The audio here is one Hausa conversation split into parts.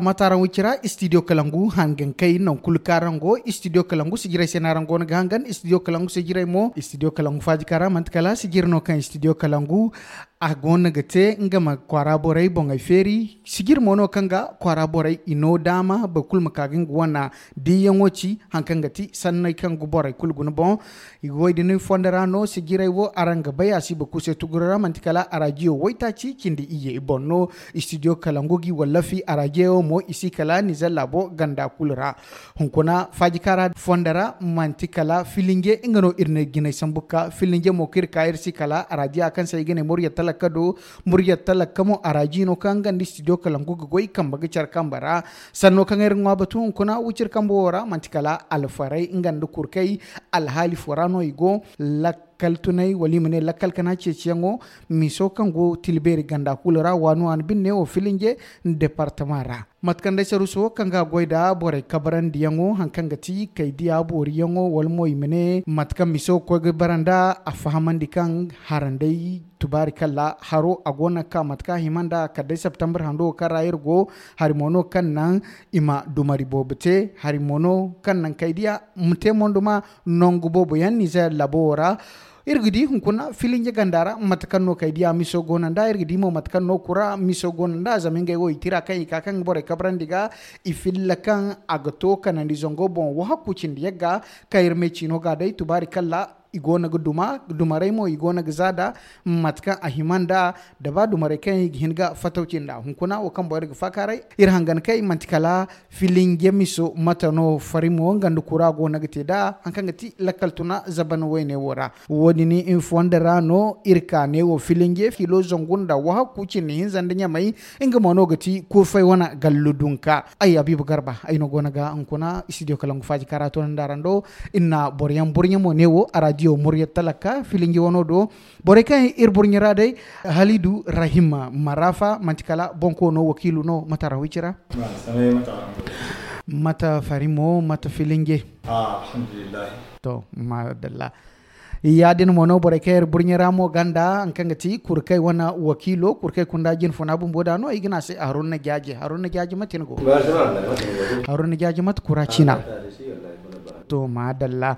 mataran wicira studio kalangu hangen kai non kulkarango studio kalangu sigira senarango na gangan studio kalangu sigira mo studio kalangu faji kara mantkala sigirno kan studio kalangu agona gate ngama kwaraborai bongai feri sigir mono kanga kwaraborai ino dama bakul makagin wana diyangochi hankanga ti sannai kan borai kul guna bon igoi dinu fondara no sigirai wo aranga baya si bakuse tugurara mantikala aragio waitachi kindi iye no studio kalangogi walafi arageo mo isi kala nizalla bo ganda kulra hunkona fajikara fondara mantikala filinge ingano irne ginai sambuka filinge mokir kair kala aragia akan sai gene mori tala talaka do murya kamu araji no ndi studio kalangu go kamba ga char kambara sanno kanga ir ngwa batun kuna uchir kambora mantikala alfarai ngandu kurkai alhali forano igo lak kaltunai wali mene lakkal kana ceciyango miso kango tilberi ganda kulra wanu an binne o filinje departement ra matkande saruso kanga goida bore kabaran diyango hankanga ti kaidiya bori yango walmo imene matka miso koge baranda afahamandi kan harandai tubarikalla haro agona ka matka himanda kadai september hando karayir go harimono kan ima dumari bobete harimono kan nan kaidiya nongu bobo yan niza labora irgidi hunkuna filinje ya gandara matkanno kay dia miso nda irgidi mo matkanno kura miso gonanda zamenge go itira kay kakang bore kabrandiga ifillakan agto kanandi zongo bon wa hakucindi yaga kayirme chino gadai tubari kalla ga duma mo dumaraymo igonagazada matka ahimanda daba dumarekan hinga fatawcinda hunkuna wakamboyarga fakaray irhangankay mantikala filingemiso matano farimo gandu kura gonagtida hankangati lakaltuna zaban wayne wora wodini infuwandarano irkanewo filinge filo zongunda waha kucini hinzandanyamay ingamonogati kufay wana galludunka ay abibu garba ayno gonaga hunkuna studio kalangu faji karatonandarando inna boryam bornyamo newo araji radio mourya talaka filingi wono do bore kan irborñirade halidu rahima marafa mantikala bonko no wakilu no matara wicira mata farimo mata filinge ah, alhamdulillah to madalla yadin mono boreke mo ganda ankanga ti kurkai wana wakilo kurkai kunda jin fona bun boda no igina se harun na jaji harun na jaji matin go harun na jaji mat kurachina ah, to madalla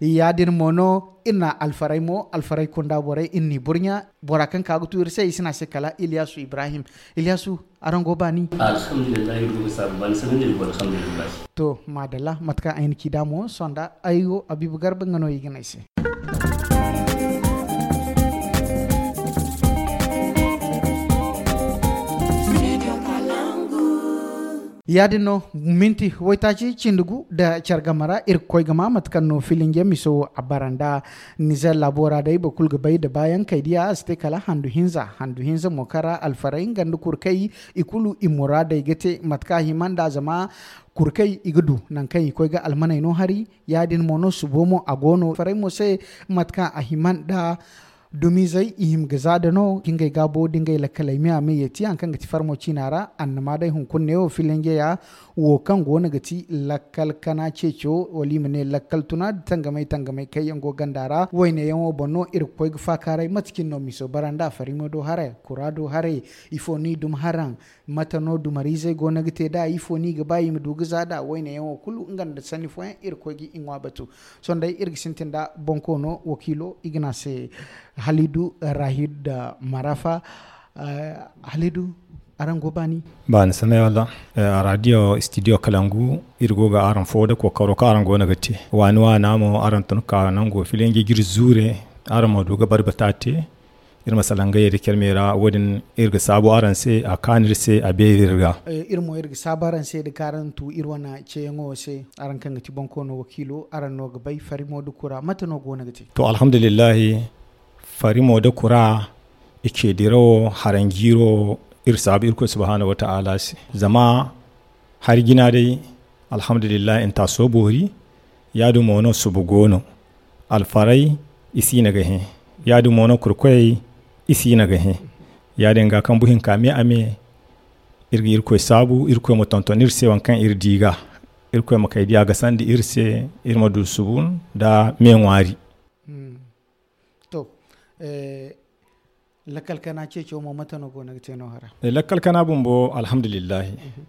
yadin mono inna alfarai mo alfarai kunda bore, inni burnya borakan kagu tuir sai sina se ilyasu ibrahim ilyasu arango bani alhamdulillah ibu sabban sanin bol alhamdulillah to madalla matka ayin kidamo sonda ayo abibu garba ngano yigina no minti wayitaachi cindugu da chargamara irkoigama matkannoo filingya miso abaranda niza ba kulga bay da bayan kaidiya aste kala handu hinza handu hinza mokara alfarai gandu kurkai ikulu imuradai gate matka himanda zama kurkai igudu nan kai koi ga almanai no hari yadin mono subomo agono farai se matka ahiman da yi ihim gaza da no kingai gabo dingai lakalai miya mai yati an kan gati farmo cinara ma dai hun kunne o filenge ya wo kan go na gati lakal kana cecho wali mene lakal tuna tangamai tangamai kai yango gandara wai ne yanwo bonno ir koy gfa karai matkin no miso baranda farimo do hare kurado hare ifo ni dum haran mata no zai go na da ifo ni gaba yi mu dugiza da wai ne Kulu kullu ingan da sani fo ir koy gi inwa batu dai ir gisintin da bonko no wakilo ignase halidu eh, rahid eh, marafa marafa eh, halidu arango bani bani sanai wala uh, radio studio kalangu irgo ga aran foda ko karo ka arango na gatti wani wa namo aran tun ka nan go filen gi gir zure aran ma duga barbatate ir masalanga yeri kelmera wodin irga sabo aran se a kanir se a irga uh, mo irga sabo aran se de karantu irwana ir wana se aran kanga ti bonko no wakilo aran no ga bai fari modu kura mata no na gatti to alhamdulillah farimo da kura ikediro harangiro irsabi irko subhanahu wata'ala zama har gina dai alhamdulillah in taso bori ya wani su subugono alfarai isi na gahe ya du wani kurkwai isi na gahe ya dinga kan buhin kame ame irgi irko sabu irko mo tonton irse wankan irdiga irko makaidiya ga sandi irse irma dusubun subun da menwari Eh, lakalkana kana ce ce mo mata na gona ce nohara hara lakalkana eh, lakkal bo bumbo alhamdulillah mhm.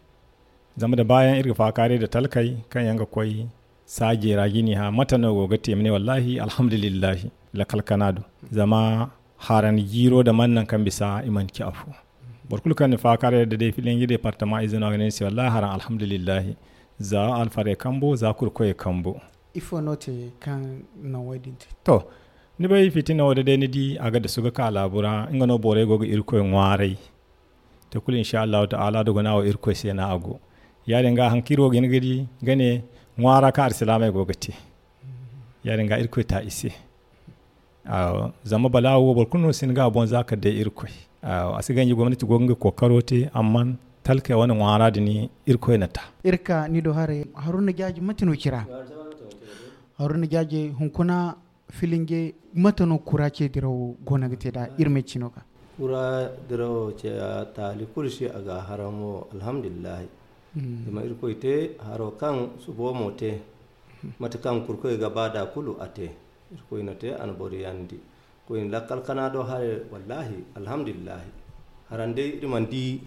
zama da bayan irga fakare da talkai kan yanga koi saje ragini ha mata na goga temne wallahi alhamdulillah lakalkana kana do zama haran jiro da mannan kan bisa iman ki afu mhm. barkul kan fakare da dai filin gidi departement izin organisi wallahi haran alhamdulillah za alfare kambo za kurkoye kambo ifo note kan na wedding to ni bai fitina ni dai a ga da suka ka labura in gano bore gogo irko ngwarai ta kula insha Allah ta'ala gona wa irko sai na ago yare nga hankiro gani gani gane ngwara ka arsilama gogo ti yare nga irko ta isi aw zama balawo bor kunu sin ga bon zaka da irko a asigan yi gwamnati gogo kokaro te amma talka wani ngwara dini irko na ta irka ni do hare haruna gaji matino kira haruna gaji hunkuna filinge matano kurache diro gonagteda irme chinoka kura dirawo diro che tali kurshi aga haramo alhamdulillah hmm. ima irko ite haro kan subo mote mata kan kurko e ga bada kulu ate irko inate an boriyandi ko in lakkal kana do hare wallahi alhamdulillah harande irmandi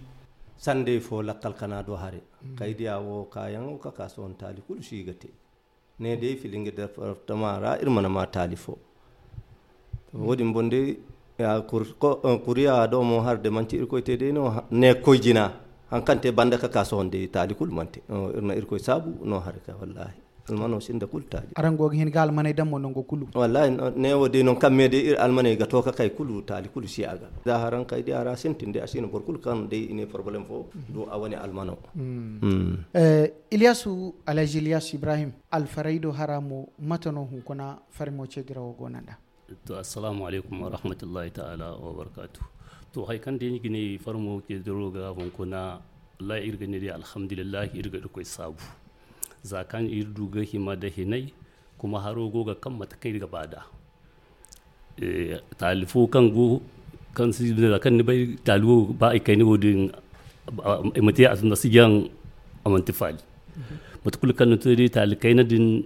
sande fo lakkal kana do hare hmm. kaydi awo kayan ka kason tali kurshi gate ne gida filinge mara ra irmanama taali fo wadin bon ya eh, kuriya ɗo mo harde manti irkoyte de dai ne koyjina han kante banda ka kaso honde taali kul manti eh, irna irko sabu no harka wallahi almano sinda kultaji aran gogi hen gal mane dammo non go kulu wallahi ne wodi non kamme de ir almane ga ka kay kulu tali kulu si aga da haran kay de ara tinde asino bor kul kan de ine problem fo do mm-hmm. awani almano mm. Mm. eh ilyasu alaji ilyas ibrahim al Faraido haramu matano hun kuna farmo go nanda. to assalamu alaikum wa rahmatullahi ta'ala wa barakatuh to hay kan de gine farmo ke doro ga hon kuna la irgane de alhamdulillah irga da koy sabu zakan irdu ga hima da hinai kuma haro goga kan matakai gaba da e, talifu kan go kan su da kan bai talibu ba a kai ni godin mutai a sunda siyan amantifali matukul kan nutu da talikai na din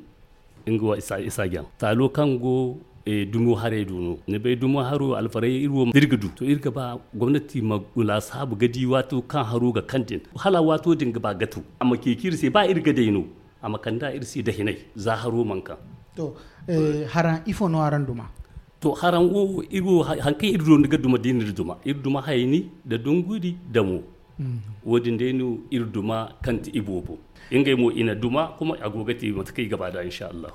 ingwa isa isa gyan talo kan go e dumo hare dunu ne bai dumo haro alfarai irwo dirgidu to irga ba gwamnati magula sabu gadi wato kan haro ga kantin hala wato dinga ba gato amma kekir sai ba irga n'o. amma kanda irsi da hinai za haro manka to eh, haran ifo no haran duma to haran wo igo hankai don daga duma dinir duma duma haini da dunguri da mu mm. wadin da nu irduma kanti ibobo ingai mu ina duma kuma agogati matakai gaba da insha Allah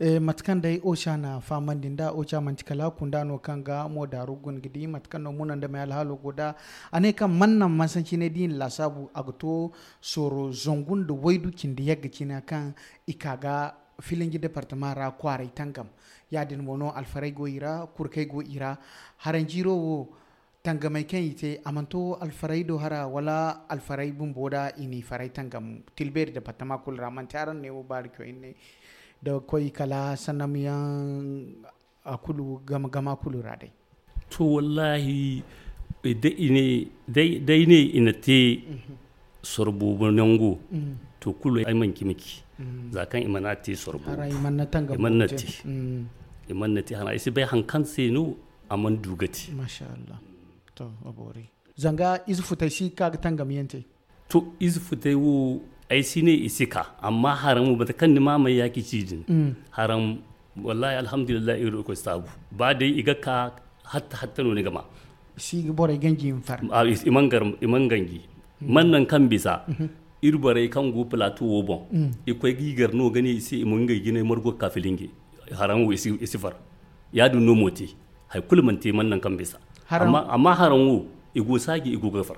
e, matkan dai osha na faman dinda ocha mantikala kunda no kanga mo daru gun gidi matkan no munan da mai alhalo goda ane kan mannan masanci ne din lasabu agto soro zongun da waidu kin da yagga kina kan ikaga filingi departement ra kwarai tangam ya din mono alfarai go ira kurkai go ira haran jiro wo mai kan ite amanto alfarai do hara wala alfarai bumboda ini farai tangam tilber departement kul ramantaran ne wo barkyo inne da koi kala sanamiyan Kulu gama gama kulu radai to wallahi eh, dai ne ina te mhm. sorbo nango mhm. to kulu ya manki miki mhm. zakan imana te sorbo imana te imana te hana isi bai hankan sai a man dugati masha Allah to abore zanga izu futai shi kaga tangamiyan te to izu futai wo ai shi ne isika amma haramu ba ta kan nima mai yaki cijin mm. haram wallahi alhamdulillah iri uku sabu ba dai iga ka hatta hatta no gama shi bore ganji far ah, iman gar gangi mm. mannan kan bisa mm-hmm. irbare kan go plateau wobon bon mm. gigar no gani isi iman gangi ne margo kafilinge haramu isi isifar ya du no moti hay mannan kan bisa amma amma haramu igo sagi igo gafar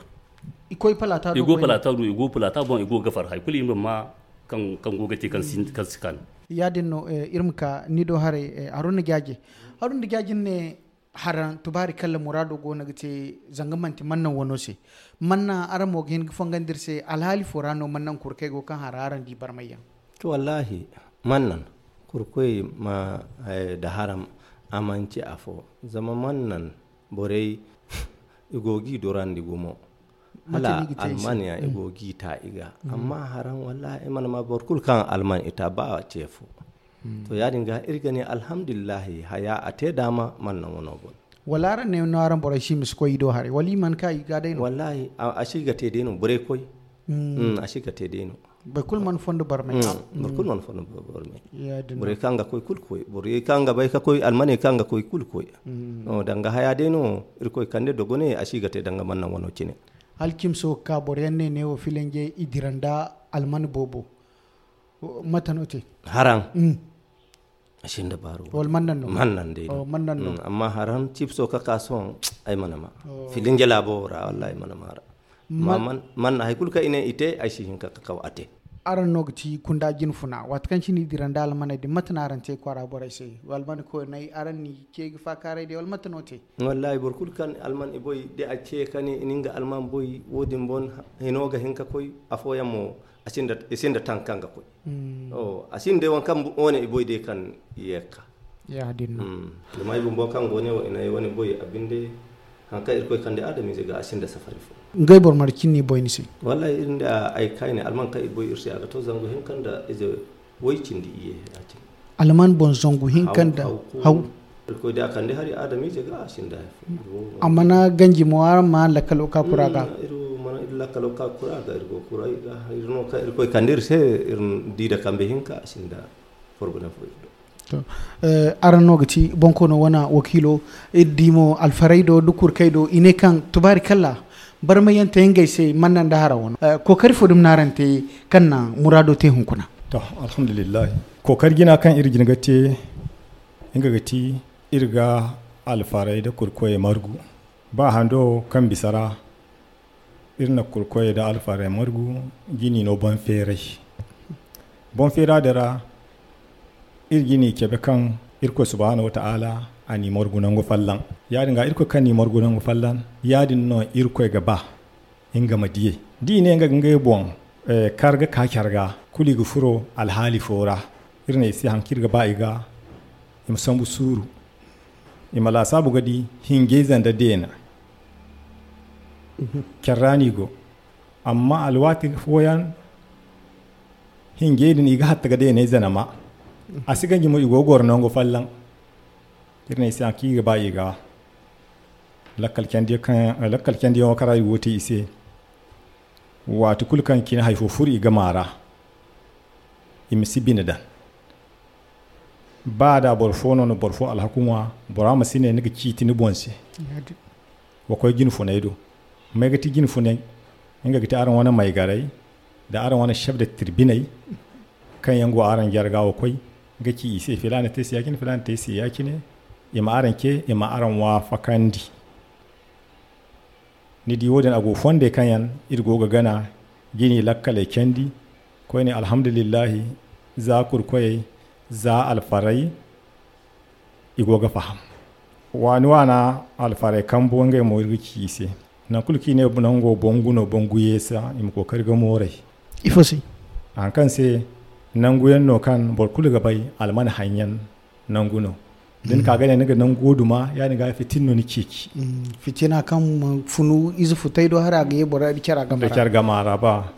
ikoi palata do igo palata do igo palata bon igo gafar hay kuli ma kan kan gogati kan sin kan sikan yadin no eh, irmka ni do hare eh, arun gyaje arun gyajin ne haran tubari kala murado go na gite zangamanti mannan wano se manna aramo gen fangandir se alhali forano mannan kurkai go kan hararan di barmayya to wallahi mannan kurkoi ma eh, da haram amanci afo zama mannan borei igogi durandi gumo hala almania ya igo mm. gita iga mm. amma haran wallahi man ma borkul kan alman ita ba cefo mm. to ya dinga irgani alhamdulillah haya ate dama man na wono bon walara ne no aran bora shi misko ido hare wali man ka iga dai no wallahi a shi ga te dai no bure koy a shi ga te dai no kul man fondo bar mai bar kul man fondo bar mai bure kanga koy kul koy bure kanga bai ka koy almane kanga koy kul koy no danga haya dai no kande dogone a shi ga te danga man na wono cine so ka borenne ne o filenge idiranda alman bobo matanote haran mm. ashin da baro wal mannan no mannan dai oh mannan no mm, amma haram chipso ka kaso ay manama oh. filin jala bo ra wallahi manama ra man man hay kulka ine ite ashin ka ka ate aran ti kunda jin funa wat kan chini diran dal mana di matna aran te kwara boray se walman ko nay aran ni gi fa kare de walmat te wallahi burkul kan alman e boy de a ce kani ininga alman boy wodin bon ga hinka koy afoya mo asinda isinda e tankanga koy hmm. o oh, asinde won kam woni e boy de kan yeka ya dinna mm limay bumbo kan gone woni woni boy abinde hanka irko kan da adami zai ga ashin da safari fa ngai bor mar kinni boy ni sai wallahi irin da ai kai ne alman kai boy irsi aga to zango hin kan da ize waicin di iye atin alman bon zango hin kan da hau irko da kan da hari adami zai ga ashin da amma na ganji mo ar ma la kalo ka kura ga mm, iru mana illa kalo ka kura ga irko kura ga irno ka irko kan dir sai irin di da kan be hin ka asin da forbana fo Uh, eh, arannogaci bonkono wona wakilo eddimo eh, alfarayɗo dukkur kaydo ine kan tubari kalla barmayanta hen gayse mannanda hara wono uh, kokari fo ɗum narante kanna murado te hunkuna to alhamdulillah ko kar gina kan irgin gate inga gati irga alfarai kurkoye margu ba hando kan bisara irna kurkoye da alfarai margu gini no ban fere bon fere dara irgini kebe kan irko subhanahu wa ta'ala ani morgunango fallan yadin ga irko kan ni morgunango fallan yadin no irko ga ba ga madiye di ne ga ngai bon karga ka karga kuli gu furo alhali fora irne isi hankir ga ba iga im sambu suru imala sabu gadi hinge da dena mhm. kerrani go amma alwati foyan hinge din iga hatta ga dena zanama a sigan jimu igo gor nongo fallan irne isi an kiga ba iga lakkal kendi kan lakal kendi o kara woti ise wati kulkan kina haifo furi iga mara imisi binadan ba da borfo nono borfo alhakuma borama sine niga citi ni bonse wakoy gin funay do mai ti gin funay inga gati aran wani mai garai da aran wani shabda tirbinai kan yango aran jarga wakoy ga ki sai filana ta siya kini filana ta siya kini ima ke ima wa fakandi ni di wodan ago fonde kanyan irgo ga gana gini lakkale kendi ko ne alhamdulillah za kurkoye za alfarai igo ga faham wani wana alfarai kan bonga mo irgi se na kulki ne bunango bonguno sa im kokar ga morai ifosi an kan sai nanguyen no kan borkulu gabai alman hanyan nanguno din mm. ka gane naga nan goduma ya ni ga fitin no ni kiki mm. fitina kan mm, funu izu futai do hara ga yebora di kyara gamara da kyar gamara ba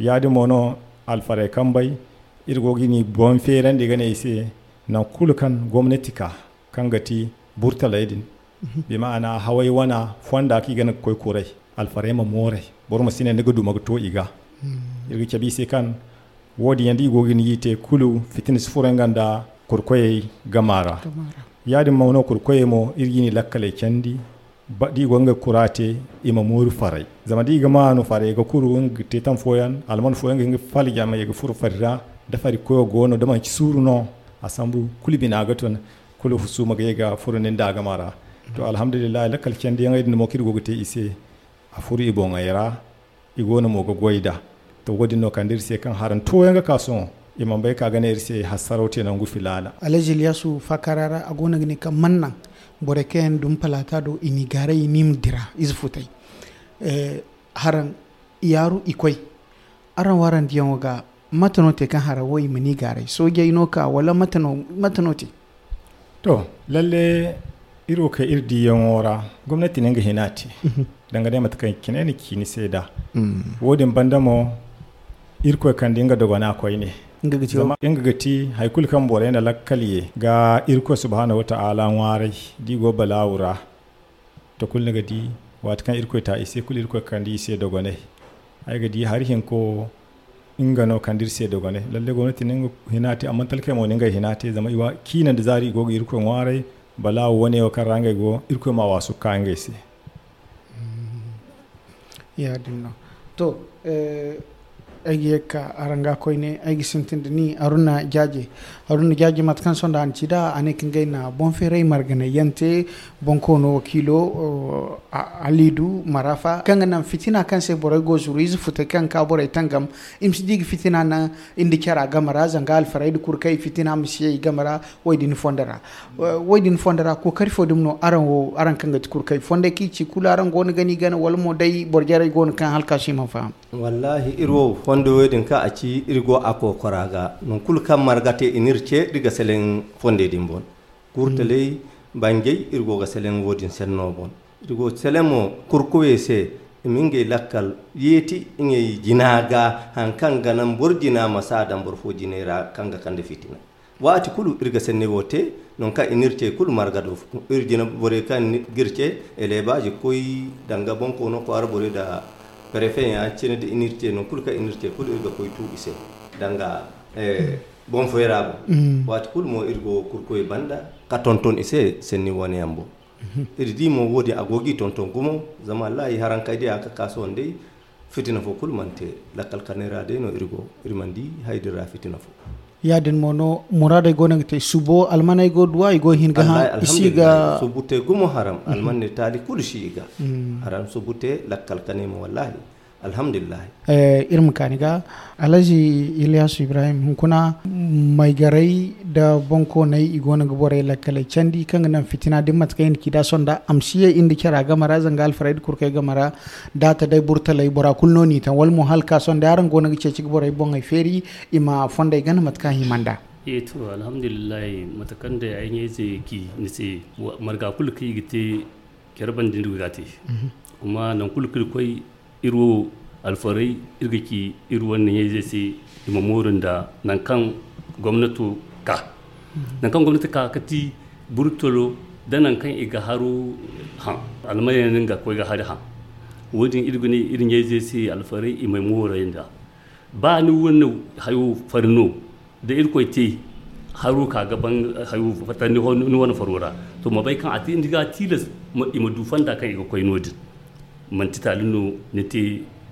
ya di mono alfare kan bai irgo gini bon feren de gane ise na kulu kan gwamnati ka kan gati burtala yedin mhm. bi ma'ana hawai wana fonda ki gane koy kurai alfare ma more bor ma sine naga duma to iga irgi kabi sai kan wodi yandi igogin yite kulu fitinis furenganda kurkoye gamara, yadi mauno kurkoye mo irgini lakale chandi badi gonga kurate ima moru farai zama di gama no fare ga kuru ng tetan foyan alman foyan ngi fali jama ga furu farira da fari koyo gono da man suru no asambu kulibina gaton kulu maga ga furu furunin da gamara to alhamdulillah lakal chandi ngai mo kirgo gote ise afuru ibonga yara igono mo ga goida to no kan dirse kan haran to yanga kaso imam e bai ka gane irse er hasarote nan gufi lala alhaji yasu fakarara a gona ne kan mannan bore ken dum palata do ini e gare e ni dira izfutai eh, haran yaru ikoi aran waran diyan waga matanote kan hara wai mani gare ge ino ka wala matano matanote to lalle iro ka irdi yan wora gwamnati ne ga hinati mhm. dangane matakan kinani kini sai da mm. wodin bandamo irkwe kan dinga dogona akwai ne In ga gati haikul kan bore na lakkaliye ga irko subhanahu wa ta'ala ware digo balawura to kul ne gadi wata kan irko ta ise kul irko kan di ise dogone ai gadi har hin ko in gano kan dir se dogone lalle gwamnati ne hinati amma talke mo ga hinati zama iwa kinan da zari go irko ware balawu wani wa kan ranga go irko ma wasu kan gaise ya dinno to eh aigi yekka aranga koyne aigi ni aruna jaje aruna jaje mat kan sonda an cida ane kingayna bon fere margane yante bonkono kilo alidu marafa kanga nan fitina kan se bore go zuru futa kan ka bore tangam imsi digi fitina na indi kyara gamara zanga al faraid kur kai fitina msi gamara waydin fondara mm. waydin fondara ko kari fodum no aran wo aran kanga kur kai fonde ki ci kula aran goni gani gana walmo dai borjare gon kan halka shi mafa wallahi irwo fondo wedin ka aci irgo ako koraga non kul kam margate inirce diga selen fonde din bon kurtale mm. bangay irgo ga selen wodin senno bon irgo selemo kurko se minge lakkal yeti inge jinaga han kanga nan bor masada bor fo jinera kanga kande fitina wati kulu irga senne wote non ka inirce kulu marga do irjina bore kan girce je koy danga ko no ko arbore da préfet en accenede inirte no kul ka inirte kul irgo koye tuuɓi se danga e bon foyraɓo wati kul mo irgo kurkoye banɗa ka tonton ise senni woneyam bo iri di mo woodi agogi ton gumo zama layi haran kaydi aka kasuwan dey fitina fo kul mante lakkal kanerade no irgo iri man di haydira fitina fo yaden mono murada go nang te subo almana go duwa go hin ha isiga subute gumo haram almanne tali kulshi iga hmm. haram subute lakkal kanemo wallahi alhamdulillah eh, irin kaniga alhaji ilyasu ibrahim kuna mai garai da banko na igo na gabore la kala candi kan nan fitina din matakai yin kida son da amsiye inda kira gamara zanga alfred kurkai gamara da ta dai burta lai bura kulno ni ta wal muhal son da yaran gona gice ci gabore bon ai feri ima fonda ya igan matka himanda e eh, to alhamdulillah matakan da yayin yace ki nice marga kulki gite kerban din rugate mhm. kuma nan kulkul koi iru alfarai irgaki iru wannan ya zai sai imamorin da nan kan gwamnatu ka nan kan gwamnati ka kati burtolo da nan kan iga haru han almayanin ga koi ga hari ha wajen irgini irin ya zai sai alfarai imamorin da ba ni wannan hayo farno da irkoi te haru ka gaban hayo ni wani farora to mabai kan a tindiga tilas ima dufan da kan iga koi nodin man ti tali nu ni te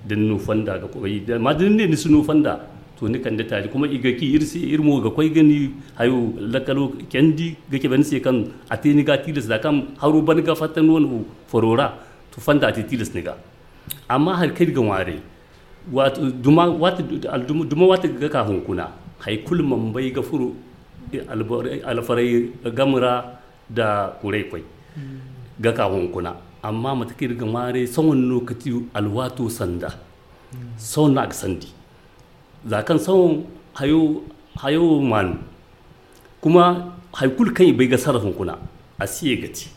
den nu fanda ga ko ma den ne ni nu fanda to ni kan da tali kuma iga ki irsi irmo ga koi gani hayu lakalo kendi ga ke ban se kan ate ni ga tilis da kam haru ban ga fatan wonu forora to fanda ate tilis ni ga amma har kai ga ware wato duma wato duma wato ga ka hunkuna hay man bai ga furu farai gamra da kurai kwai ga ka hunkuna amma mata kirga mare tsawon lokaci alwato sanda tsawon na sandi zakan tsawon hayo hayo manu kuma haikul kan bai ga sarrafin kuna a siye gaci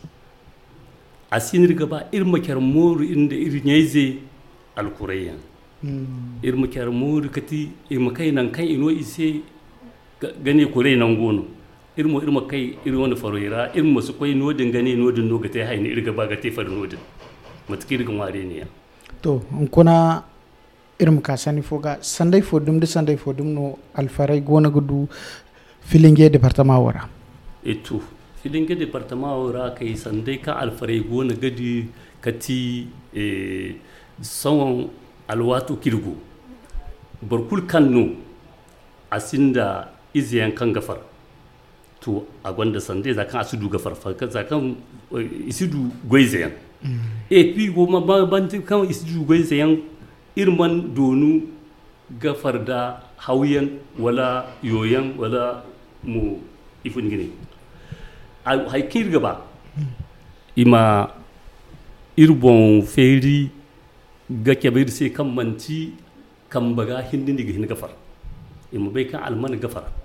a sinar gaba irmakiyar moru inda irin ya zai alkurayyan hmm. irmakiyar moru kati irmakai nan kan ino ise gane kurai nan gono irmo irmo kai wani faroira irmo su koi nodin gane nodin no gate haini irga ba ta far nodin matkir ga ware ne to kuna irin sani foga sandai fodum de sandai fodum no alfarai gona gudu filinge departement wara etu eh filinge departement wara kai sandai ka alfarai gona gadi kati e eh, sawon alwatu kirgo barkul kanno asinda iziyan kan gafar to a gwanda sande za kan asudu ga farfarka za eh, mm. eh, kan isidu gwaizayan e fi goma banti kan isidu gwaizayan irman donu gafar da hauyen wala yoyen wala mu ifin gini a haikir gaba mm. ima irbon feri ga kebir sai kan manci kan baga hindi ga hin gafar ima bai kan alman gafara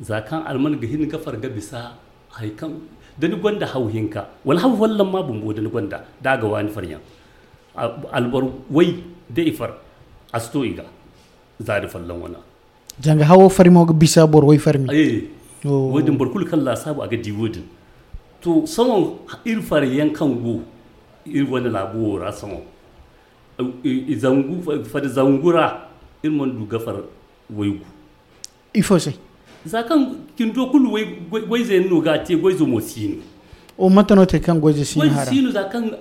zakan alman gihin gafar ga bisa haikan dani gwanda hauhinka wal hau wallan ma bumbo dani gwanda daga wani farya albar wai da ifar asto iga zari fallan wana janga hawo farmo ga bisa bor wai farmi eh wadin barkul kan la sabu aga wadin to saman irfar yankan go wani labo ra saman zangu fa zangura irman du gafar waigu ifo sai zakan kindo kulu goize no gate goizo mosino o no te kan goize sin hara goize sino zakan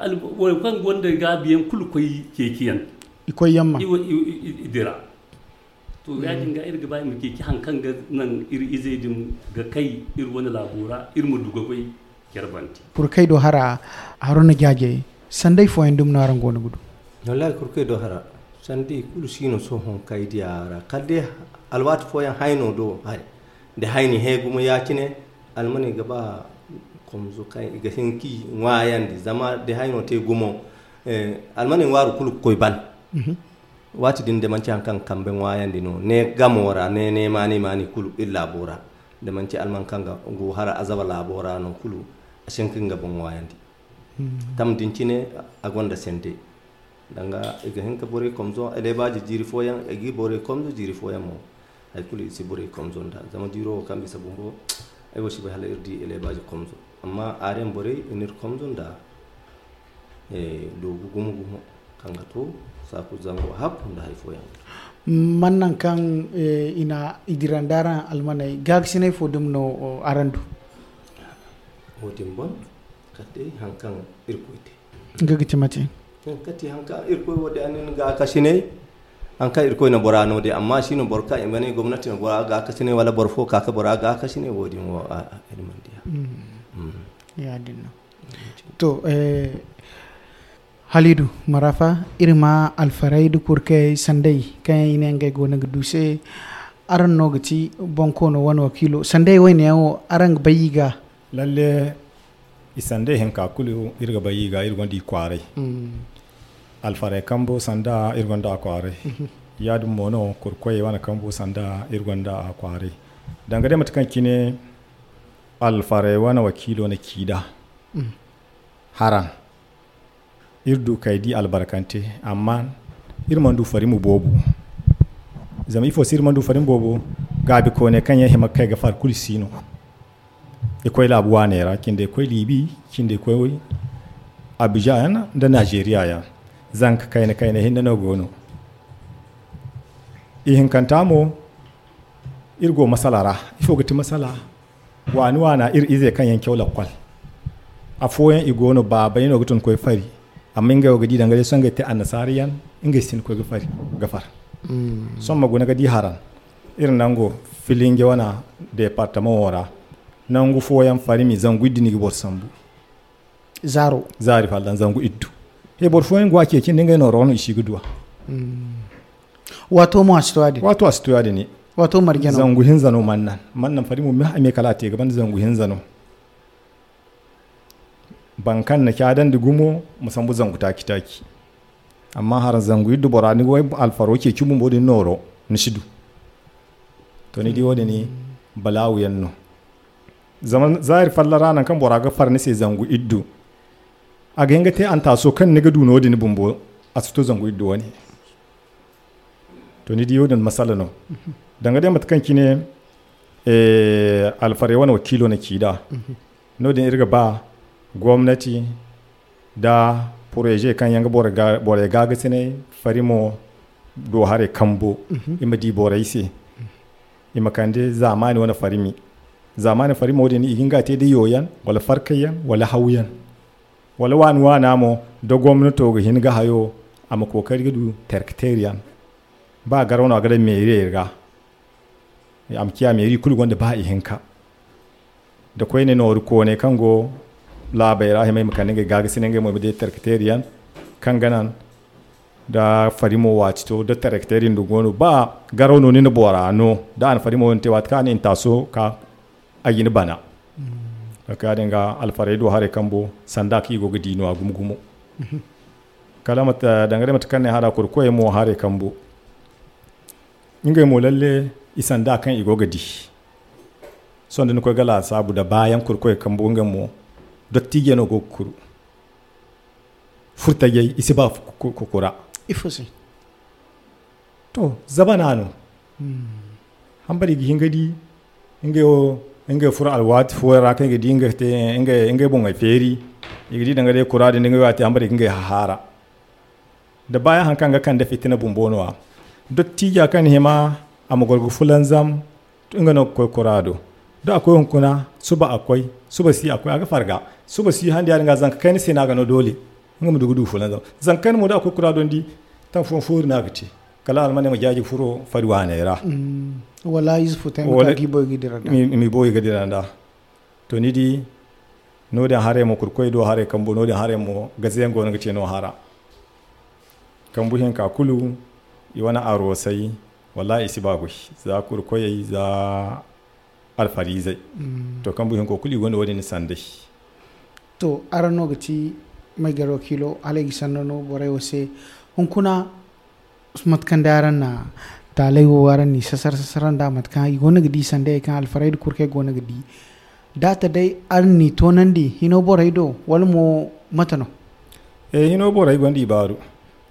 kan gonda biyan kulu koy kekiyan koi yamma i idira to ya mm. ga ir gaba mu keki hankan ga nan ir ize ga kai ir wani labura ir mu duga koi kerbanti pur kai do hara haruna jage sandai fo indum na na rangono gudu wallahi kur kai do hara sandi kulu sino so hon kai diara kalde alwat fo yan haino do hai da haini he gumu ya kine almani gaba komzu kai ga hinki wayan di zama da haino te gumo eh, almani waru kulu koy ban mhm. wati din da manci hankan kambe wayan di no ne gamora ne ne mani mani kulu illa bora da manci alman ga go hara azaba labora no kulu ashin kinga bon wayan di mhm. tam din a agonda sente danga ga hinka bore komzo ele baji jiri foyan egi bore komzo jiri foyan mo haykule sibore komzo nda zama diro kambe sabumbo ay wosi be hala irdi elebaji komzo amma arem bore enir komzo nda e do gugumo gumo kanga sa ku zango hakku nda hay fo yang mannan kan ina idirandara almanai gagsine fo dum no arandu wotin bon kate hankan irkuite. gagicimate kati hankan irkoy wode anen ga kasine an kai irko na borano de amma shino borka bane gwamnati bora ga ka sine wala borfo ka ka bora ga ka sine wodin a ilmin dia mm. mm. ya dinna to eh halidu marafa irma alfaraidu kurke sandai kan ine ngai go na duse aran nogati bonko no wan wakilo sandai wani yawo aran bayiga lalle isande hen ka kulu irga bayiga irgondi kware mm. alfare kambo sanda irgonda akware yadum mono kurkoye wana kambo sanda irgonda akware dangane matakan kine alfare wana wakilo na kida haran irdu kaidi albarakante amma irmandu farimu bobu zama ifo sirmandu farim bobu gabi kone kan yahe kai ga far kulisino koy labuwa ra kinde koy libi kinde koy abijan da nigeria ya zank kayne kayne hinnano gono i hinkantamo irgo masalara gati masala wani wana ir ize kan yan kewla kwal a foyan igono baba yino gutun koy fari amma inga wogadi dangale songa te annasariyan inga sin koy fari gafar mm. son magu na gadi haran irin nango filinge wana departement wora nangu foyan fari mi zangu idini gibor sambu zaro zari faldan zangu iddu he bor foin gwa ke kin ngai no rono ishigudwa hmm. wato mo astuadi wato astuadi ni wato margeno zangu hinza no mannan mannan fari mu me kala te gaban zangu hinza no bankan na kyadan da gumo musambu zangu taki taki amma har zangu yiddu borani goy alfaro ke kimu bodin noro nishidu to ni di wodi ni balawu yanno zaman zahir fallara nan kan boraga farni sai zangu iddu a ga yanga te an taso kan ne gadu no ni bumbo a suto zango iddo ne to ni diyo dan masala no danga mata matkan kine eh alfare wani wakilo na kida no din irga ba gwamnati da proje kan yanga bore ga bore ga ga sine farimo do hare kambo ima di bore ise ima kande zamani wani farimi zamani farimo din iginga te de yoyan wala farkayan wala hawyan wala wani wana mo da gwamnati ga hin ga hayo a kokari gidu terkterian ba garo na gare mere ga am kiya meri kul ba ba ihinka da kwai ne nori ko ne kan go bayra he mai makanin ga gaga sinin ga mo de kan kanganan da farimo wacito da terkterian da gono ba garo wani ne bora no da an farimo tewa ta kan taso ka ni bana kaden ga alfaredo hare kambo sanda ki go gidi no agumgumo kala mata eh, dangare mata kanne hada kur koye mo hare kambo inga mo lalle isanda kan igo ga di sonde ko gala sabu da bayan kur koye kambo inga mo dotti geno go kuru furta yayi isi ba kukura ifusi to zabanano hmm. hambari gi ngadi inga yo inga fura alwat fuera ke ngi dinga te inga inga bonga feri di danga de kura de ngi wati ambare ngi hahara da baya hanka ga kan da fitina bumbonowa dotti ya kan hima amugorgu fulan zam inga no koy kurado da akwai hunkuna suba akwai suba si akwai aga farga suba si handi ya dinga zan kai ni sai na ga no dole inga mu dugudu fulan zam kan mu da akwai kurado ndi tan fon fori na gati kala almane ma jaji furo fadi ra mm. wala yusuf tan ka gi dira mi dira gidiranda to nidi noden hare mo kurkoy do hare kambo noden hare mo gazengo no gace no hara kambu hen ka kulu i wana aro sai wallahi isi bagu za kurkoy za alfarizai mm. to kambu hen ko kuli wanda wani sande to arano gati mai garo kilo alegi sanno no bore wose hunkuna smatkan daarana taalay ni sasar sasaran gidi igonagdi sande kan da kurke da ta dai arni di hino borai do walmo matano Eh hino borai gondi baro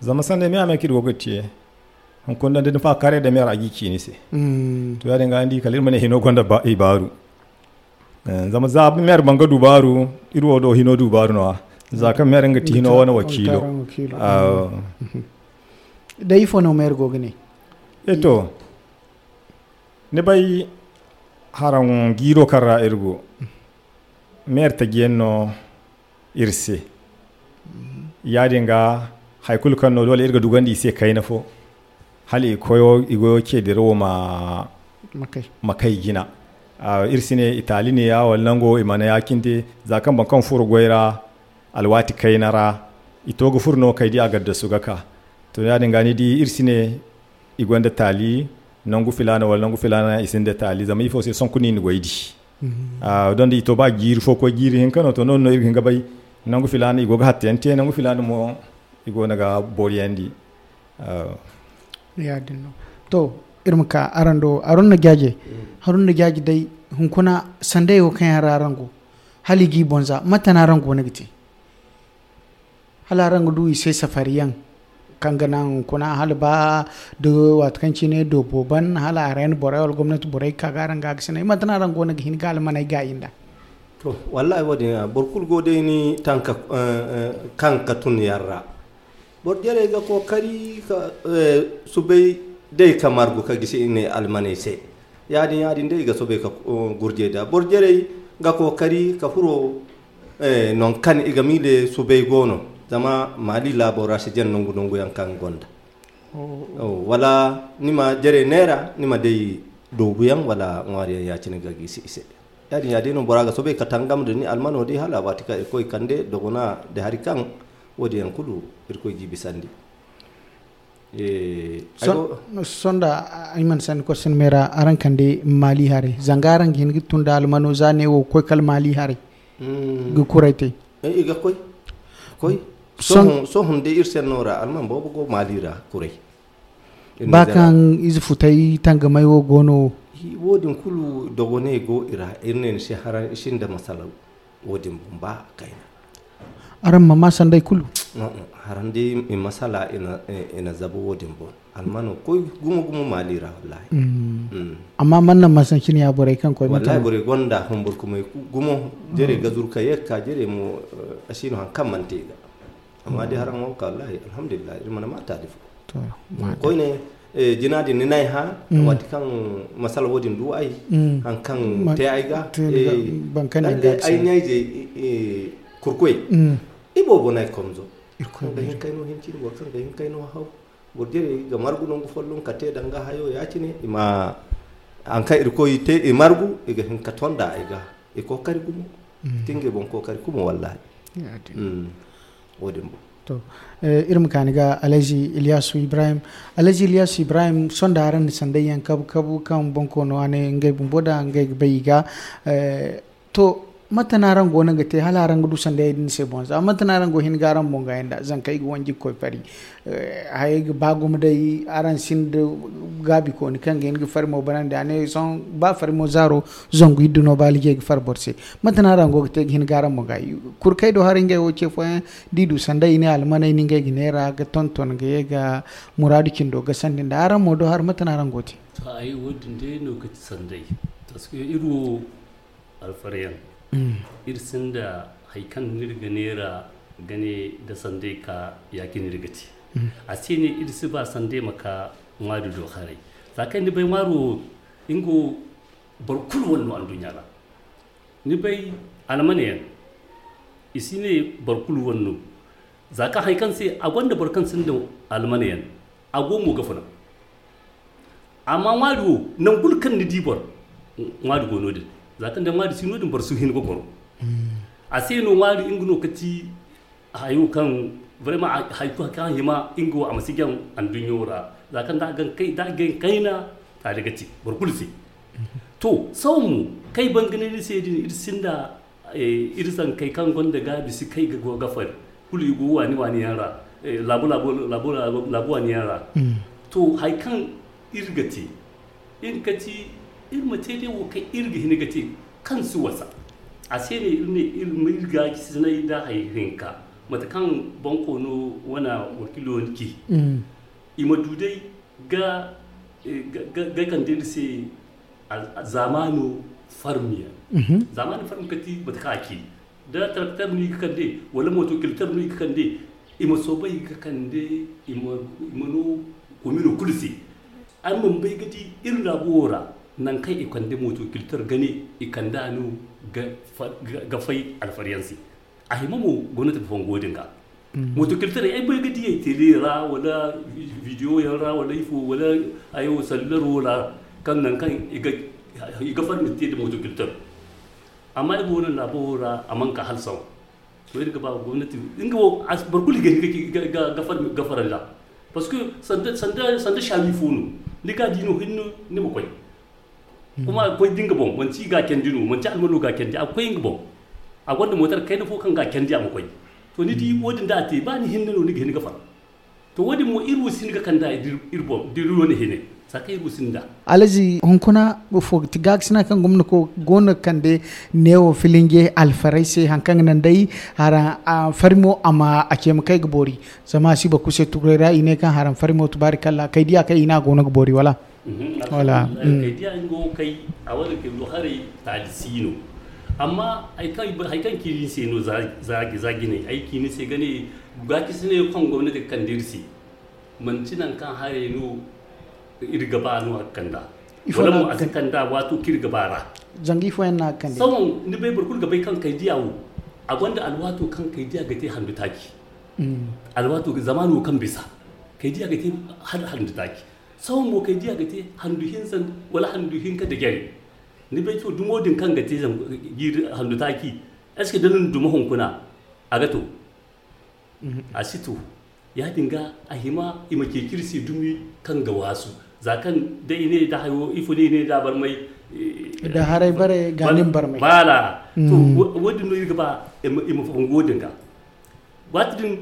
zama sande mi amaki do gotiye hankon dan da fa kare da miyar agiki ne se hmm. to ya dinga andi kalir mane hino gonda ba ibaru eh, zama za abin miyar banga dubaru irwo do hino dubaru no za ka miyar ga hino wani wakilo daifo na umer ne eto ne bay haran giro karra ergo mer tagiyenno irse yaade nga hay kul kanno dole irga dugandi kai kayna fo hali koyo igoyo kedi roma makai makai gina uh, ne itali ne ya wallango imana yakinte zakan bankan furu goira alwati kainara itogo furno kaidi agadda sugaka to yaɗe gani ɗi irsine i gonde taali nangu filana wala nangu filana isinde taali zama il faut se sonkunini goydi a donde to ba jiiri fof koye jiiri hen kano to noon no irgi gabay nangu filana igoga hatte en te nangu filana mo igonaga booriyandi ah. yadinno to irin ka aran do aron na gyaje harun na gyaje dai hunkuna sande yo kan yara rango haligi bonza mata na rango na gite hala rango duwi sai safariyan kanganan kuna halba do watkancine do boban hala aren borai wal gwamnati borai gara ga gisina ima tana ran gona gihin gal mana ga inda to wallahi wadin ya ah, borkul gode ni tanka eh, eh, kanka tun yarra bor jere ga ko kari ka eh, subai dai kamar go ka gisi ne almane se yadin yadin dai ga subai ka gurje da bor jere ga ko kari ka furo non kan igami su subai gono zama mali labora si jan nungu nungu yang kan gonda oh. oh wala ma jere nera ni ma dai dobu yang wala ngari ya cini gagi si ise yadi yadi no boraga sobe katangam de ni almano di hala watika e koy kande dogona de hari kang wodi yang kulu ir koy sandi Eh, Son, sonda ayman san ko sen mera aran kande mali hare zangaran gen gitunda almano zane wo koy kal mali hare mm. gukurete e ga koy koy Son sohum de irsenora alman bobo go malira kurai bakan izi futai tanga mai wo gono wodin kulu dogone go ira irnen shi haran ishin da masala wodin ba kaina aran mama sandai kulu haran de mi masala ina ina zabo wodin bon almano koi gumo gumu malira wallahi mm. mm. amma nan masan shine ya bore kan ko wallahi bore gonda hombor kuma gumu. jere mm. gazurka yakka jere mu eh, ashino han kan mantega amma di hmm. har wanka wallahi alhamdulillah mana ma tadifu to ko ne e, jinadi ni nai ha wati hmm. kan masal wodin du ay hmm. kan te ay e, ga ban kan ai nai je e, kurkoy ibo bo komzo komzo da hin no hin cin wato da hin hau. haw gordere ga margu non ka te danga hayo ya ne ima an ka irko te i margu ga hin katonda ga e kokari gumo tinge bon kokari kumo wallahi odinbo to eh, irin ga alaji ilyasu ibrahim alaji ilyasu ibrahim son da haran sandayen kabu kabu kan banko no ane ngai bumboda ngai bayiga eh, to matanarango na gate halarango sanda yedin se bonza rango hin garan bonga enda zanka ga wanji koy pari hay bagum dai aran da gabi ko ni kan gen fari mo banande ne son ba fari mo zaro zongu iduno bali ga fari borse ta gate hin garan bonga kur kai do haringe o che foen eh, didu sanda ine almanai ni ge ginera ga tonton yi ga muradu kindo ga sandin da aran mo do har matanarango te ta ayi wodin dai no ga sandai taske iru alfariyan irsin da haikan nirga nera gane da sande ka yakin ce a ce ne irsi ba sande maka ngadu do za zakai ni bai maro ingo barkul wannan an dunya la ni bai almaniya isi ne barkul wannan zaka haikan sai a gwanda barkan sun da almaniyan a gomo gafana amma ngadu nan gulkan ni dibar ngadu gono din zatanda mari sinu dum barsu hin gogoro a sai no ingno kati hayu kan vraiment hay ko kan hima ingo a sigan an dunyora zakan da gan kai da gan kaina ta daga ci burkulsi to sawu kai bangane ne sai din irsin da eh, irsan kai kan gonda gabi si kai ga gafar kuli go wani wani yara eh, labu labu labu labu wani yara mm. to hay kan irgati in kaci ilma tede wo ka irga hiniga te kan su wasa a se ne ilmi ilmi irga kisina da haihinka mata kan banko no wana wakilon ki mm. ima dudai eh, ga ga kan dirse a zamanu farmiya mm-hmm. zamanu farmiya kati mata ka ake da taraktar ni kakan de wala moto kiltar ni kakan de ima sobai kakan de ima no kumiro kulsi an mun bai gati irin rabuwar nan kai da mutu kiltar gani da anu ga fai alfariyansi a himamu gwamnati fa godin ga motu mm. culture ai bai gadi yi tele ra wala video ya ra wala ifo wala ayo sallar wala kan nan kan iga iga far mutti da mutu kiltar amma ibo wannan na a man ka halsau to irin ba gwamnati in ga as barkuli gani ga gafar gafaran da. parce que sanda sanda sanda shami funu ni ka dino hinnu ni makwai kuma akwai dinga bon man ci ga kendi no man ci almalu ga kendi akwai yin bon a gwanda motar kai na fokan ga kendi a makwai to ni di mm. wodin da te ba ni hinna ni ga ni ga to wadi mu iru sin ga kan da irbom diru ne hene sin da alaji hunkuna fo tigak sina kan gomna ko gona kande newo filinge alfarai se hankan nan dai hara a farmo ama ake mu kai gbori sama shi ba kuse turera ine kan haran farmo tubarikalla kai dia kai ina gona gbori wala wala. kay diyan go kai a wani ke hare talisino amma ai kan ai kan kirin sai no zagi zagi ne aiki ne sai gane ga kisi ne kan gwamnati kan dirsi mancinan kan hare no irgaba no akanda wala mu akanda wato kirgabara zangi fo na kan sawon ni bai burkul gabai kan kai diyawo a gwanda alwato kan kai diya ga te handu taki mm. alwato zamanu kan bisa kai diya ga te har handu taki sawon mo kai dia gate handu san wala handu ka da gari ni bai to din kan gate zan giri handu taki eske dalin duma hunkuna a gato a sito ya dinga a hima ima ke kirsi dumi kan ga wasu zakan dai ne da hayo ifo ne ne da barmai eh, da harai bare ganin barmai bala to mm. wadin no gaba ima fangodin ka din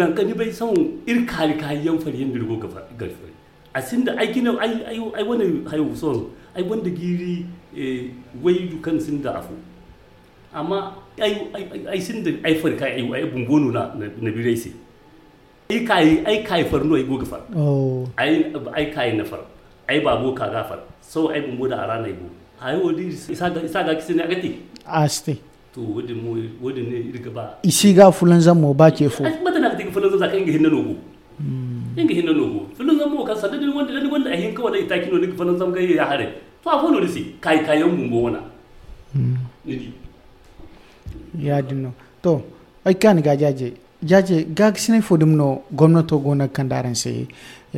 nan kan bai san yan fari fariyin dirgo gaba garfari asinda ai kina ai ai ai wani hayo son ai wanda giri eh, wai kan da afu amma ai ai da ai ka ai ai bungono na na birai sai ai kai ai kai farno ai goga far oh. ai ai kai na far ai babo ka gafar so ai bumbo da arana ibo ai wodi isa ga isa ga kisne agati aste to wodi mo wodi ne irga ba isi ga fulan zan mo ba ke fo ai mata na ga fulan zan za ka inga hinna nogo inga hinna nugu filin zan mo ka sadda din wanda lani wanda ahin kawai ita kino ni fanan zam kai ya hare to a fono disi kai kayan mun go wana hmm. nidi ya dinno to ai kan ga jaje jaje gag sine fodum no gwamnato gona kandaran daran sai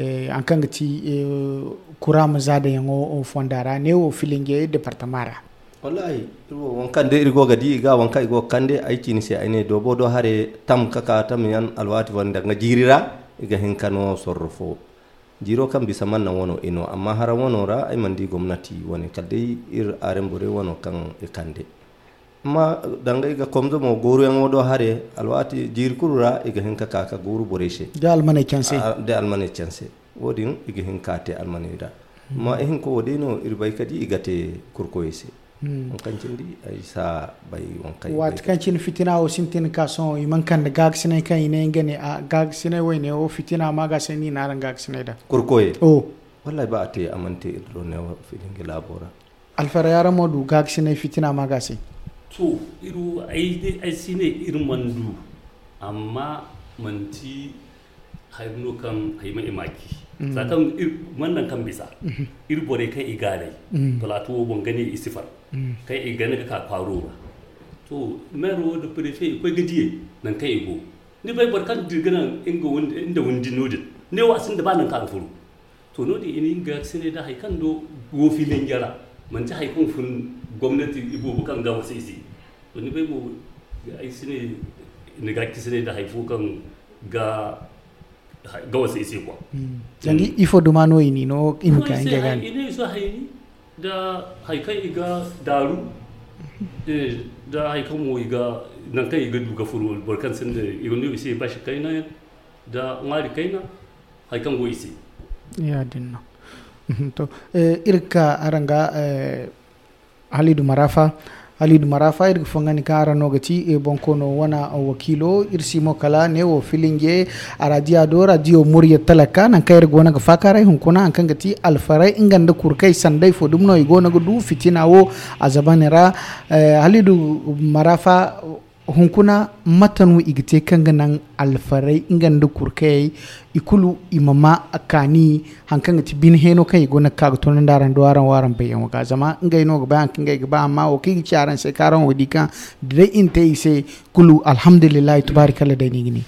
eh, an kan ga ti eh, kura mu zada o fondara ne o filinge departamara wallahi irwo wankan de irgo gadi ga wanka igo kande aiki ni sai aine dobo do hare tam kaka tam yan alwati wanda ga jirira iga hin sorro fo jiro kan bisa man na wono ino amma hara wono ra ay mandi gomnati woni kadde ir aren bore wono kan e kande amma danga iga komzo mo goru yang odo hare alwati jir kurura iga hin ka kaka goru boreshe de almane chance ah, de almane chance wodin iga hin kate almane da ma hin ko wodino ir bay kadi igate kurkoyese Hmm. wankancin di ay sa bay wankay wat kancin fitina o sintin ka son i man kan gag sinay kan ine ngene a gag sinay wayne o fitina ma ga sinay na ran gag sinay da kurkoye o wallahi ba ate amante idro ne wa filin labora alfara yara mo du gag sinay fitina ma ga sai to iru ai ai sinay irin mandu amma manti haibnu kan haima maki. zakan hmm. wannan kan bisa hmm. irbore kan igalai plato bongane isifar Kai i gani ka kwaro ba to mero da prefe ko gidiye nan kai i ni bai barkan dirgana inga inda wundi nodin ne sun da ba nan ka furu to nodi ini ga sine da kan do go filin gara man ta kun fun gwamnati ibo bukan ga wasu isi to ni bai bo ai ne ni ga ne da fu kan ga ga wasu isi kwa. Jadi hmm. ifo dumano ini no in ka inga gani. Ini iso ni. da haikan iga daru eh, da haikan mo iga nan kan iga duga furu barkan sin da igonu isi bashi kaina da ngari kaina haikan go isi ya dinna to eh, irka aranga eh, halidu marafa halidou mara fayid ko fongani ka aranoga ti e bonkono wona wakilo irsimo kala ne wo ara diya do radio moriya talaka nan kayre gonaga fakaray hunkuna an kanga ti alfaray inganda kurkay sanday fo ɗum no e gonaga du fitina wo a zabanira eh, halidou marafa hunkuna matanu igite kanga ganan alfarai inganda kurkai ikulu imama akani hankanga ti bin heno kan igo na kaga tonan daran duwaran waran bayan waka zama inga ino ga bayan kinga ga ba amma o kigi charan sai karan wadika kan in tai sai kulu alhamdulillah tubarakallah da ni gini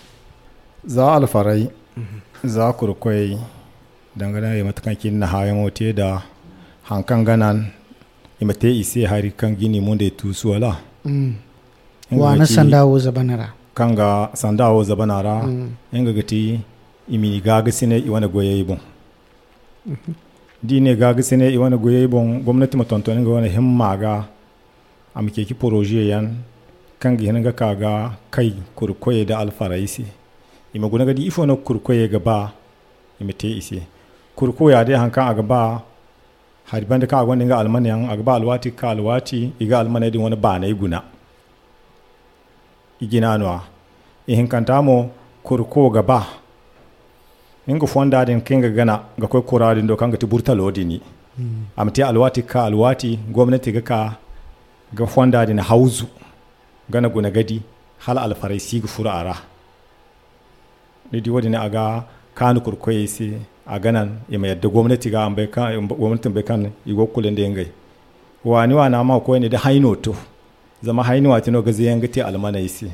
za alfarai za kurkai dangana da matakan kin na hayan mote da hankan ganan imate ise hari kan gini mun da tusuwala mm. sanda wo zabanara kanga wo zabanara mm. enga gati imini gagisine iwana goye ibon ne -hmm. dine gagisine iwana goye ibon gwamnati matonton nga wana himma ga amkeki proje yan kanga ga kaga kai kurkoye da alfaraisi imaguna gadi ifo na kurkoye gaba imite isi kurkoya dai hankan a gaba hariban da ka gwanda ga almaniyan a gaba alwati ka alwati iga almanai din wani ba na guna iginanwa ihinkantamo kurko gaba fonda den kinga gana ga koy kuradin do kanga tiburta lodini mm. amti alwati ka alwati gwamnati ga ka ga den hauzu gana guna gadi hal alfaraisi ga furara ni di wadini aga kanu kurko si a ganan ima yadda gwamnati ga gwamnatin bai kan igwakulin da yangai wani wa na ma ko ne da hainoto to zama haini wati no gaze yanga te almana isi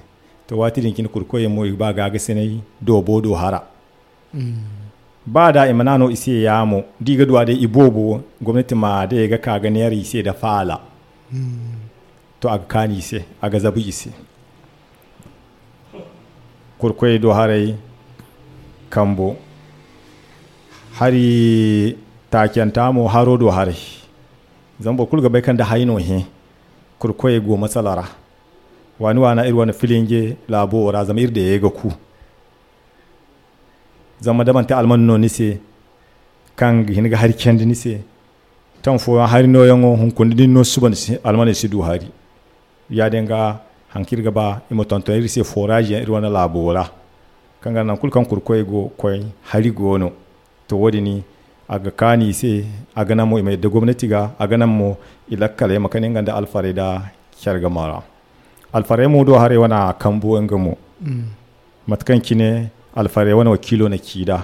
to wati din kin kurko yemo ba ga ga sinai do bodo hara hmm. ba da imanano isi yamo diga duwa da ibobo gwamnati ma da ya ga ka ne yari isi da fala hmm. to aga kani isi aga zabu isi kurko do harai kambo hari taken mu haro do harai zan ba kulga bai kan da haino he kurkoye go matsalara wani wana iri wani filinge labo ora zama ir da ga ku zama daban ta alman no nise kan ga harken kendi nise tan fo har no yango hun kundi no suban alman si du hari ya denga hankir ba imo tonto ir se forage iri wani labo ora kanga nan kulkan kurkoye go koy hari gono to wodi ni aga kani se aga namo ima da gwamnati ga aga namo ila kale makanin ganda alfare da kyar gamara alfare mu do hare wana kambu ngamu mm. matkan kine alfare wana wakilo na kida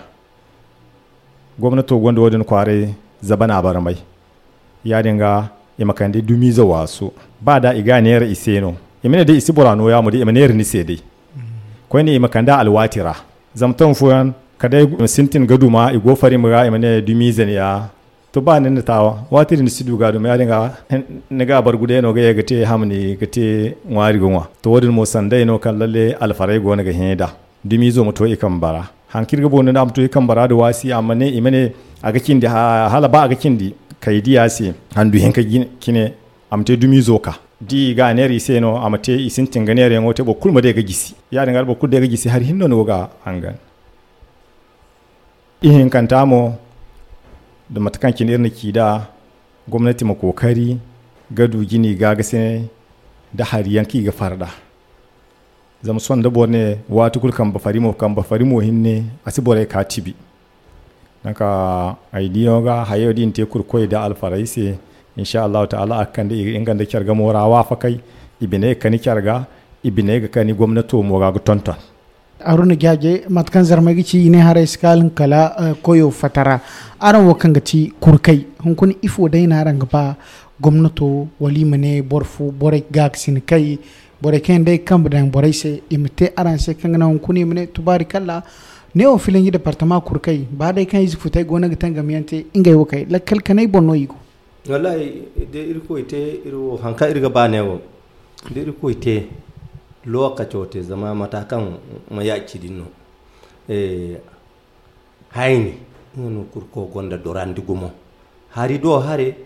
gwamnato gwanda wadin kware zabana barmai ya dinga ya kan dumi za wasu ba da iga ne yar iseno imene dai isi borano ya mu da ima ne ni se dai mm. ko ne kan da alwatira zamtan fuyan kadai sintin gadu ma i igo fari ima imane dumi zen ya to ba nin ta wati ni sidu gadu ma dinga ne ga bar gude no ga ya gate hamni gate ngwari gonwa to wodin mo sandai no kan lalle alfarai go ne ga heda dumi zo mu to i kan bara hankir ga na am to kan bara da wasi amma ne a ga kindi hala ba a ga kindi kai diya si handu henka kine am te dumi zo ka di ga neri seno amate sintin ga neri ngote bo kulma de ga gisi ya dinga bo kulde ga gisi har hinno no ga angan ihin kantamo da matakan irin ki da gwamnati ma kokari gadu gini ga gase da hariyan ki ga farda zama son da borne wa tukul kan bafarimo kan bafarimo hinne asibore ka tibi naka aidiyo ga hayo din te kurkoi da alfaraise insha Allah ta'ala akan da inganda kyarga morawa fa kai ibine kani kyarga ibine ga kani gwamnato mo ga tonton aruna matakan matkan ci ne hara iskalin kala eh, koyo fatara aran wakan gaci kurkai hunkuni ifo dai na ran gaba gwamnato walima ne borfu borai gaksin kai bore kan dai kan budan bore se imte aran se kan na hunkuni ne tubari ne o filin yi departement kurkai ba dai kan yi futai gona ga tanga miyante ingai wakai la kanai bonno yigo wallahi dai irko ite irwo hanka irga ba ne wo dai irko ite lokaco zama matakan mayaki dinno e hayni kurko gonda dorandi gumo hari do hare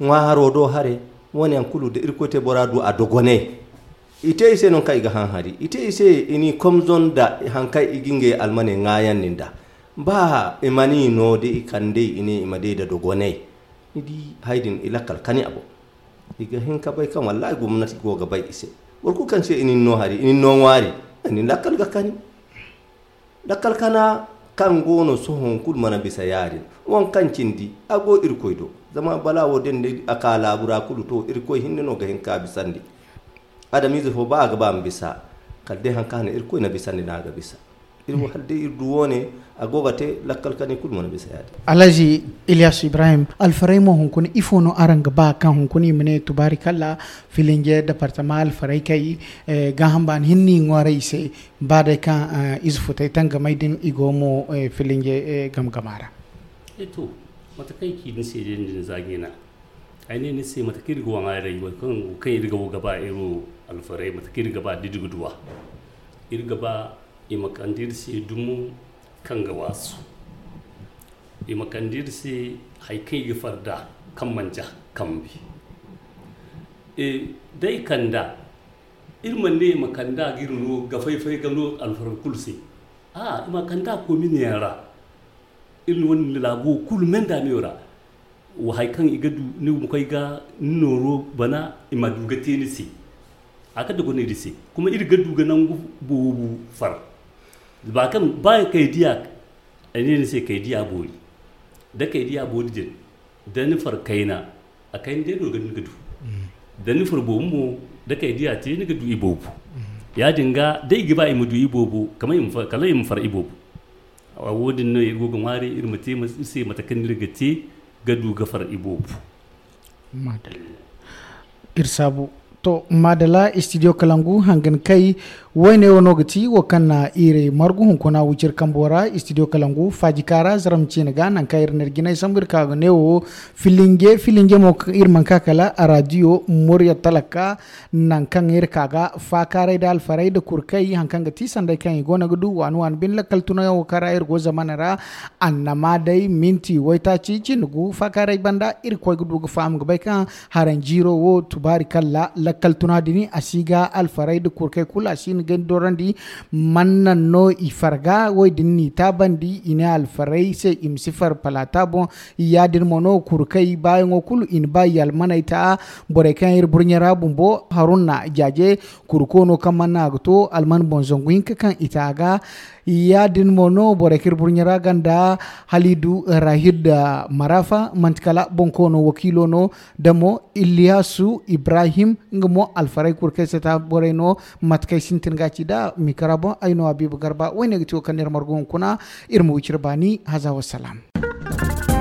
ŋa haro do hare woni an kulu de irkote bora du a dogone ite ise non kai ga han hari ite ise ini komzon da han iginge almane ngayan ninda ba imani de ikande ini imade da dogone idi haidin ilakal kani abo iga hin ka bai kan wallahi gwamnati goga bai ise worku kan ce inin no hari inin no wari lakal ga kani lakkal kana kan gono sohon kul mana bisa yari won kan cindi ago irkoy do zama bala woden de aka labura kulu to irkoi hinne no gahin ka bisandi adamize fo ba ga ba bisa kalde han kana irkoy na bisandi na ga bisa irin hmm. hadde irdu wone a gogate lakkal kani kul mona bisayade alaji ilias ibrahim alfaray mo hon kuni ifono aranga ba kan hon kuni mene tubari kala filinge departement alfaray kay eh, gahamban hinni ngore ise bade kan uh, eh, izfutay tanga maydin igomo eh, filinge eh, gam gamara eto mata kai ki nase je ni zagina ai ne nase mata kirgo wa ngai kan kai irga gaba ero alfaray mata kirga gaba didigudwa irga ba imakandirse dumu kan ga wasu imakandirse haikai yi da kan manja kan bi e dai kanda irman ne makanda girno ga faifai gano alfarar kulse a imakanda ko mini yara irin wani lago kulmen da mewara wahai kan iga du ni mu kai ga noro bana ima duga tenisi aka da gona irisi kuma iri ga duga nan bobu far ba kan ba a ne ne sai diya bori da kai diya bori din da nufar kaina a kain dai dogon nigadu da nufar bomu da kai diya ce nigadu ibobu ya dinga dai giba du ibobu kamar imfar kala imfar ibobu a wodin na irgogon ware mace sai matakan nirgate gadu gafar ibobu madala irsabu to madala studio kalangu hangin kai wayne wonogati wakanna iri margu hunkona wucir kambora studio kalangu faji kara zaramcinaga nanka ir nerginay samgir kaga newo filinge filinge mo ir manka kala a radio moriya talaka nankan ir kaga fa karai da alfarai da kurkai hankanga ti sandai kan igona gudu wanu wan bin lakal tunaya wakara ir go zamanara annama dai minti waita ci cinugu fa karai banda ir koy gudu ga fam ga baikan haran jiro wo tubari kala lakal tunadini asiga alfarai da kurkai kula sin gen di manna no i farga woy taban tabandi ina alfarai se im sifar palata bon din mono kurkai bayan okul in ba mana ita bore kan ir bo bumbo harunna jaje kurkono kamana to alman bonzonguin kan itaga yadin mono bore kir burnya ganda halidu rahid marafa mantkala bonkono no damo iliasu ibrahim ngmo alfarai kurkai seta boreno matkai sintin ken gaci da mi karabon aino abibu garba wani ga ciwo kan margon kuna irmu bani hazawar salam.